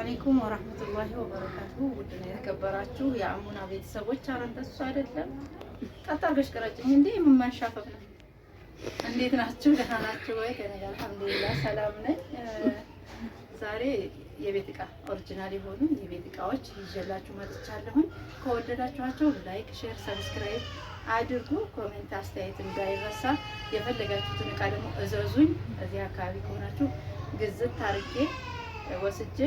አለይኩም ወራህመቱላሂ ወበረካቱ። ውድና የተከበራችሁ የአሙና ቤተሰቦች፣ ኧረ እንደሱ አይደለም። ቀጥ አድርገሽ ቅረጭኝ እንዴ! የምንሻፈፍ ነው። እንዴት ናችሁ? ደህና ናችሁ ወይ? ከእኔ ጋር ሰላም ነኝ። ዛሬ የቤት እቃ ኦሪጂናል የሆኑ የቤት እቃዎች ይዤላችሁ መጥቻለሁኝ። ከወደዳችኋቸው ላይክ፣ ሼር፣ ሰብስክራይብ አድርጉ። ኮሜንት አስተያየት እንዳይረሳ። የፈለጋችሁትን እቃ ደግሞ እዘዙኝ። እዚህ አካባቢ ከሆናችሁ ግዝት ታርጌ ወስጄ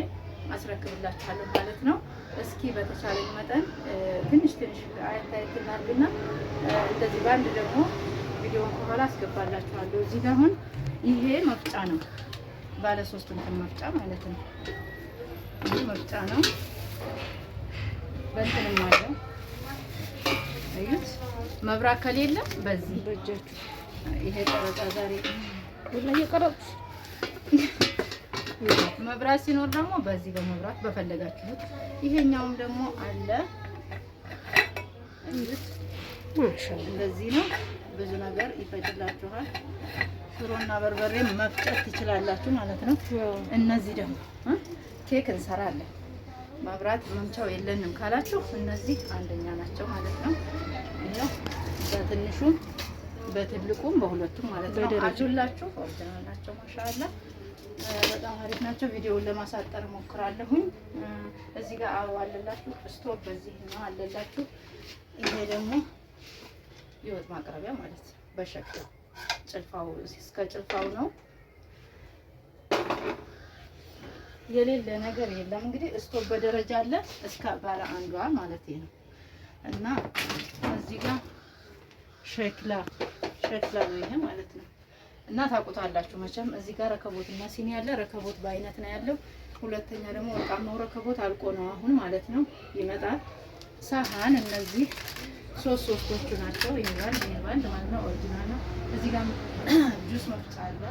አስረክብላችኋለሁ ማለት ነው። እስኪ በተቻለ መጠን ትንሽ ትንሽ አየት አየት እናድርግና እንደዚህ በአንድ ደግሞ ቪዲዮን ከኋላ አስገባላችኋለሁ። እዚህ ጋር አሁን ይሄ መፍጫ ነው፣ ባለ ሶስት እንትን መፍጫ ማለት ነው። ይሄ መፍጫ ነው። በእንትንም አለ እዩት። መብራት ከሌለ በዚህ በእጃችሁ ይሄ ቀረጻ ዛሬ ሁላ እየቀረጹ መብራት ሲኖር ደግሞ በዚህ በመብራት በፈለጋችሁት። ይሄኛውም ደግሞ አለ እንደዚህ ነው። ብዙ ነገር ይፈጭላችኋል። ሽሮና በርበሬ መፍጨት ትችላላችሁ ማለት ነው። እነዚህ ደግሞ ኬክ እንሰራለን። መብራት መምቻው የለንም ካላችሁ እነዚህ አንደኛ ናቸው ማለት ነው። ይኸው በትንሹም በትልቁም በሁለቱም ማለት ነው። አጁላችሁ ኦሪጅናል ናቸው። ማሻአላ በጣም አሪፍ ናቸው። ቪዲዮውን ለማሳጠር ሞክራለሁኝ። እዚህ ጋር አበባ አለላችሁ፣ ስቶቭ በዚህ ነው አለላችሁ። ይሄ ደግሞ የወጥ ማቅረቢያ ማለት በሸክላ ጭልፋው እስከ ጭልፋው ነው። የሌለ ነገር የለም። እንግዲህ ስቶቭ በደረጃ አለ እስከ ባለ አንዷ ማለት ነው። እና እዚህ ጋር ሸክላ ሸክላ ነው ይሄ ማለት ነው። እና ታውቁታላችሁ መቼም። እዚህ ጋር ረከቦት እና ሲኒ ያለ ረከቦት በአይነት ነው ያለው። ሁለተኛ ደግሞ ወርቃማው ረከቦት አልቆ ነው አሁን ማለት ነው ይመጣል። ሳህን እነዚህ ሶስት ሶስቶቹ ናቸው። ይባል ይባል ማለት ነው ኦሪጂናል ነው። እዚህ ጋር ጁስ መፍጫ አለ።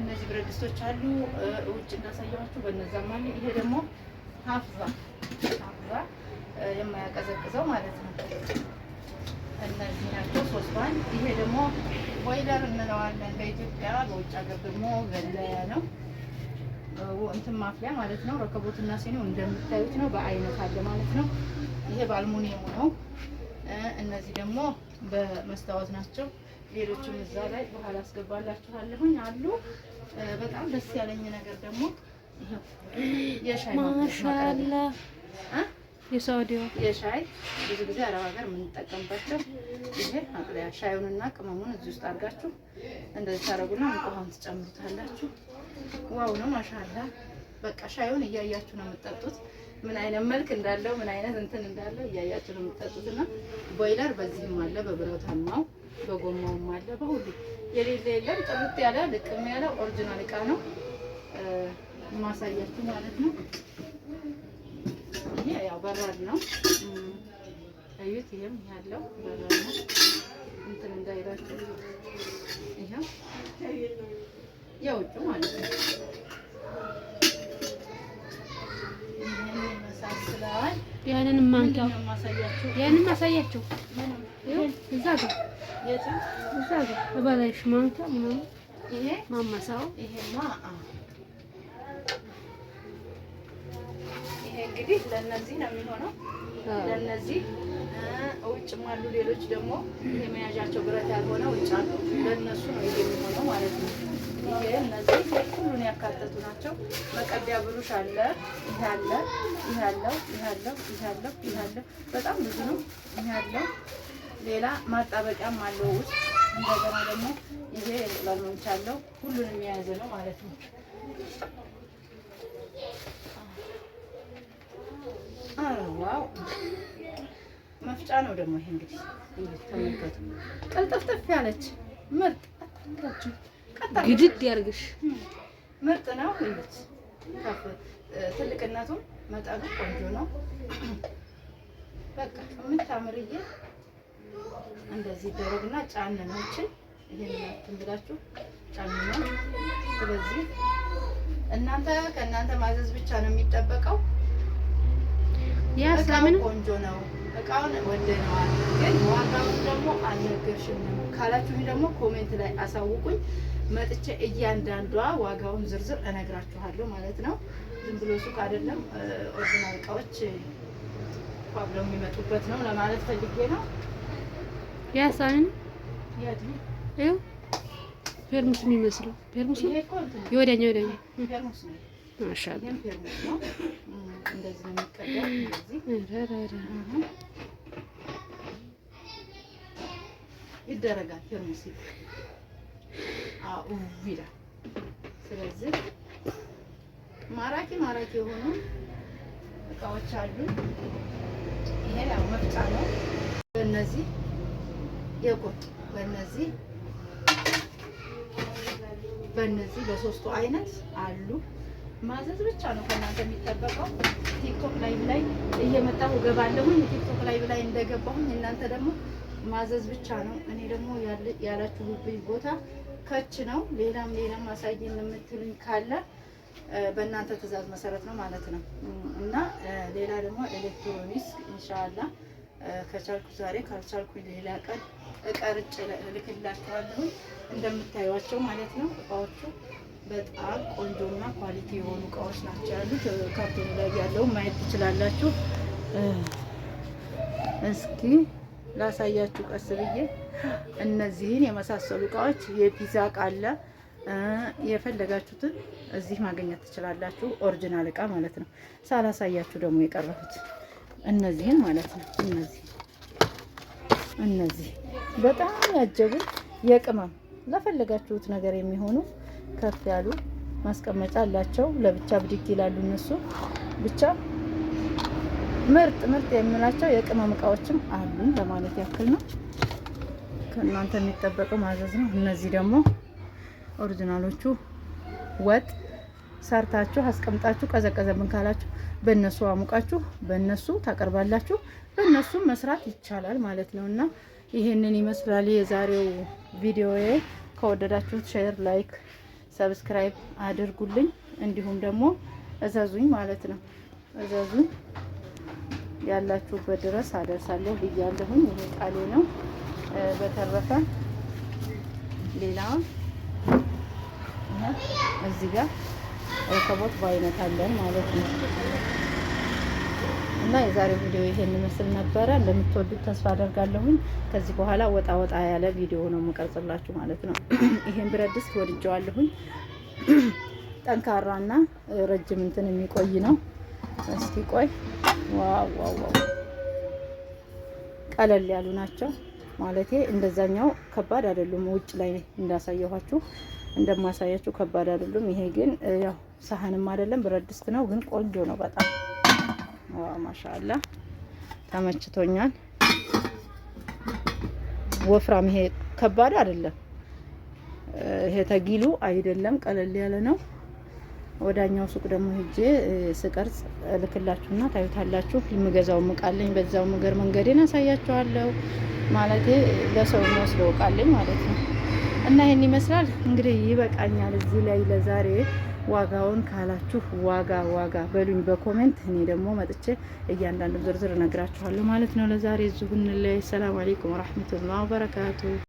እነዚህ ብረት ድስቶች አሉ ውጭ እንዳሳየኋችሁ በነዛም አለ። ይሄ ደግሞ ሀፍዛ ሀፍዛ የማያቀዘቅዘው ማለት ነው እነዚህ ናቸው ሶስት ባንድ። ይሄ ደግሞ ቦይለር እንለዋለን በኢትዮጵያ፣ በውጭ ሀገር ደግሞ መለያ ነው እንትን ማፍያ ማለት ነው። ረከቦትና ሲኒው እንደምታዩት ነው፣ በአይነት አለ ማለት ነው። ይሄ በአልሙኒየሙ ነው። እነዚህ ደግሞ በመስታወት ናቸው። ሌሎችም እዛ ላይ በኋላ አስገባላችኋለሁኝ አሉ። በጣም ደስ ያለኝ ነገር ደግሞ የሻይ ማሻላ የሳውዲው የሻይ ብዙ ጊዜ አረብ ሀገር የምንጠቀምባቸው ይሄ አቅለያ ሻዩንና ቅመሙን እዚህ ውስጥ አድርጋችሁ እንደዚህ ታደርጉና እንቁሃን ትጨምሩታላችሁ። ዋው ነው ማሻላ። በቃ ሻዩን እያያችሁ ነው የምትጠጡት፣ ምን አይነት መልክ እንዳለው ምን አይነት እንትን እንዳለው እያያችሁ ነው የምትጠጡት። እና ቦይለር በዚህም አለ፣ በብረታማው በጎማውም አለ፣ በሁሉ የሌለ የለም። ጥርት ያለ ልቅም ያለ ኦሪጂናል እቃ ነው ማሳያችሁ ማለት ነው። ይሄ ያው በራድ ነው እዩት። ይሄም ያለው በራድ ነው እንትን እንዳይላችሁ ይሄው የውጭ ማለት ነው። ያንን ማንካው ያንን ማሳያችሁ እዛ ጋር እዛ ጋር በላይሽ ማንካ ምናምን ይሄ ማማሳው ይሄማ እንግዲህ ለነዚህ ነው የሚሆነው። ለነዚህ ውጭም አሉ፣ ሌሎች ደግሞ የመያዣቸው ብረት ያልሆነ ውጭ አሉ። ለእነሱ ነው ይሄ የሚሆነው ማለት ነው። ይሄ እነዚህ ሁሉን ያካተቱ ናቸው። መቀቢያ ብሩሽ አለ። ይሄ አለ፣ ይሄ አለው፣ ይሄ አለው፣ ይሄ አለው፣ ይሄ አለው። በጣም ብዙ ነው። ይሄ አለው። ሌላ ማጣበቂያም አለው ውስጥ እንደገና ደግሞ ይሄ የእንቁላል መምቻ አለው። ሁሉንም የያዘ ነው ማለት ነው። ዋው መፍጫ ነው ደግሞ ይሄ እንግዲህ ተመልከቱ። ቀልጠፍጠፍ ያለች ምርጥ አታላችሁ ግድድ ያርግሽ ምርጥ ነው። ይሉት ትልቅነቱም መጠኑ ቆንጆ ነው። በቃ የምታምርዬ እንደዚህ ደረግና ጫንናችን ይህን ትንብላችሁ ጫንና። ስለዚህ እናንተ ከእናንተ ማዘዝ ብቻ ነው የሚጠበቀው። ያ ቆንጆ ነው። እቃውን ወደነዋል፣ ግን ዋጋውን ደግሞ አልነገርሽንም ካላችሁ ደግሞ ኮሜንት ላይ አሳውቁኝ። መጥቼ እያንዳንዷ ዋጋውን ዝርዝር እነግራችኋለሁ ማለት ነው። ዝም ብሎ ሱቅ አይደለም፣ ኦሪጂናል እቃዎች ብለው የሚመጡበት ነው ለማለት ፈልጌ ነው። ያሳምን ፌርሙስ የሚመስለው ፌርሙስ ነው። ይወዳኛ ወዳኛ ማሻላ ይደረጋል። ቴርሙስ አው ይላል። ስለዚህ ማራኪ ማራኪ የሆኑ እቃዎች አሉ። ይሄ ያው መፍጫ ነው። በእነዚህ የቁርጥ በእነዚህ በእነዚህ በሶስቱ አይነት አሉ። ማዘዝ ብቻ ነው ከእናንተ የሚጠበቀው። ቲክቶክ ላይቭ ላይ እየመጣሁ እገባለሁኝ። ቲክቶክ ላይ ላይ እንደገባሁኝ እናንተ ደግሞ ማዘዝ ብቻ ነው። እኔ ደግሞ ያላችሁብኝ ቦታ ከች ነው። ሌላም ሌላም አሳየን የምትሉኝ ካለ በእናንተ ትዕዛዝ መሰረት ነው ማለት ነው። እና ሌላ ደግሞ ኤሌክትሮኒክስ ኢንሻአላ ከቻልኩ ዛሬ ካልቻልኩ ሌላ ቀን እቀርጭ ልክላቸዋለሁ እንደምታዩቸው ማለት ነው እቃዎቹ በጣም ቆንጆና ኳሊቲ የሆኑ እቃዎች ናቸው ያሉት። ካርቶኑ ላይ ያለው ማየት ትችላላችሁ። እስኪ ላሳያችሁ ቀስ ብዬ እነዚህን የመሳሰሉ እቃዎች የፒዛ እቃ አለ። የፈለጋችሁትን እዚህ ማግኘት ትችላላችሁ። ኦሪጂናል እቃ ማለት ነው። ሳላሳያችሁ ደግሞ የቀረሁት እነዚህን ማለት ነው። እነዚህ እነዚህ በጣም ያጀቡ የቅመም ለፈለጋችሁት ነገር የሚሆኑ ከፍ ያሉ ማስቀመጫ አላቸው። ለብቻ ብድግ ይላሉ እነሱ ብቻ ምርጥ ምርጥ የምላቸው የቅመም እቃዎችም አሉን ለማለት ያክል ነው። ከእናንተ የሚጠበቀው ማዘዝ ነው። እነዚህ ደግሞ ኦሪጂናሎቹ ወጥ ሰርታችሁ አስቀምጣችሁ ቀዘቀዘብን ካላችሁ በእነሱ አሙቃችሁ በእነሱ ታቀርባላችሁ። በእነሱ መስራት ይቻላል ማለት ነው እና ይህንን ይመስላል የዛሬው ቪዲዮ። ከወደዳችሁት ሼር፣ ላይክ ሰብስክራይብ አድርጉልኝ፣ እንዲሁም ደግሞ እዘዙኝ ማለት ነው። እዘዙኝ ያላችሁበት ድረስ አደርሳለሁ ብያለሁኝ። ይሄ ቃሌ ነው። በተረፈ ሌላ እዚህ ጋር ረከቦት በአይነት አለን ማለት ነው። እና የዛሬው ቪዲዮ ይሄን ይመስል ነበረ። እንደምትወዱት ተስፋ አደርጋለሁኝ። ከዚህ በኋላ ወጣ ወጣ ያለ ቪዲዮ ነው የምቀርጽላችሁ ማለት ነው። ይሄን ብረት ድስት ወድጀዋለሁኝ። ጠንካራና ረጅም እንትን የሚቆይ ነው። እስቲ ቆይ። ዋው ዋው ዋው! ቀለል ያሉ ናቸው ማለቴ እንደዛኛው ከባድ አይደሉም። ውጭ ላይ እንዳሳየኋችሁ እንደማሳያችሁ ከባድ አይደሉም። ይሄ ግን ያው ሳህንም አይደለም ብረት ድስት ነው፣ ግን ቆንጆ ነው በጣም ማሻአላ ተመችቶኛል። ወፍራም ይሄ ከባድ አይደለም። ይሄ ተጊሉ አይደለም፣ ቀለል ያለ ነው። ወዳኛው ሱቅ ደግሞ ሄጄ ስቀርጽ እልክላችሁና ታዩታላችሁ። የምገዛው እቃለኝ በዛው ምገር መንገዴን አሳያችኋለሁ። ማለቴ ለሰው የሚወስደው እቃለኝ ማለት ነው። እና ይህን ይመስላል እንግዲህ ይበቃኛል። እዚህ ላይ ለዛሬ ዋጋውን ካላችሁ ዋጋ ዋጋ በሉኝ በኮሜንት። እኔ ደግሞ መጥቼ እያንዳንዱ ዝርዝር እነግራችኋለሁ ማለት ነው። ለዛሬ እዚሁ ብንለይ ሰላም አሌይኩም ወረሕመቱላህ ወበረካቱሁ